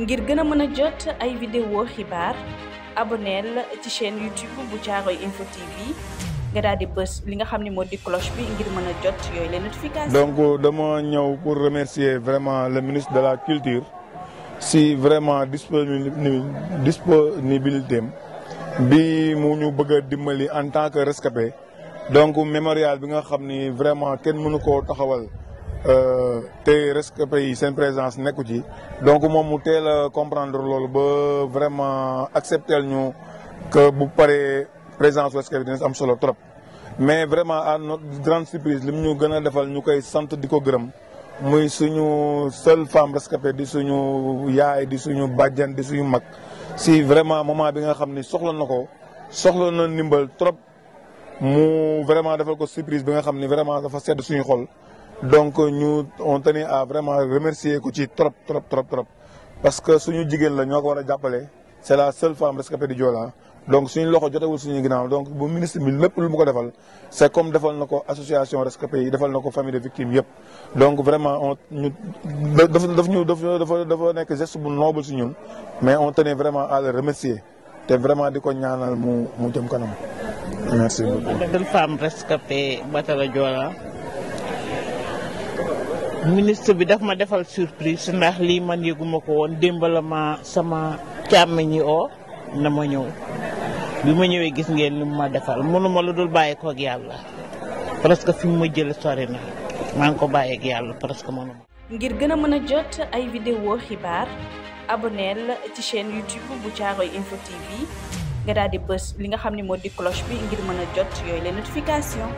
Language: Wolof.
ngir gën a mën a jot ay vidéo xibaar aboneel ci chaîne YouTube bu Caaroy info TV nga daal di bës li nga xam ne moo di cloche bi ngir mën jot yooyu les notifications. donc euh, dama ñëw pour remercier vraiment le ministre de la culture si vraiment disponibilité am bi mu ñu bëgg a dimbali en tant que rescapé donc mémorial bi nga xam ni vraiment kenn mënu koo taxawal. te rescapé yi seen présence nekku ci donc moom mu teel a comprendre loolu ba vraiment accepter ñu que bu paree présence rescapé bi am solo trop. mais vraiment à notre grande surprise lim ñu gën a defal ñu koy sant di ko gërëm muy suñu seule femme rescapée di suñu yaay di suñu bàjjan di suñu mag si vraiment moment bi nga xam ni soxla na ko soxla na ndimbal trop mu vraiment defal ko surprise bi nga xam ni vraiment dafa sedd suñu xol. donc nous on tenait à vraiment remercier Kouchi trop trop trop trop parce que suñu nous la que nous avons c'est la seule femme rescapée du Diola. donc suñu loxo jotewul suñu ginnaaw donc bu ministre bi pour lu mu ko comme defal na association rescapée famille de victimes donc vraiment on ñu daf un ñu dafa dafa geste noble sur ñun mais on tenait vraiment à le remercier C'est vraiment di ko ñaanal mu mu jëm kanam merci beaucoup. femme rescapée de Joola ministre bi dafa ma defal surprise ndax lii man yëguma ko woon démb sama càmmiñ yi oo na ma ñëw bi ma ñëwee gis ngeen li mu ma defal mënuma lu dul bàyyi ko yàlla parce que fi mu ma jële sori na maa ngi ko bàyyi ak yàlla parce que mënuma ngir gën a mën a jot ay vidéo xibaar aboneel ci chaîne YouTube bu Caaroy info TV nga daal di bës li nga xam ne moo di cloche bi ngir mën a jot yooyu les notification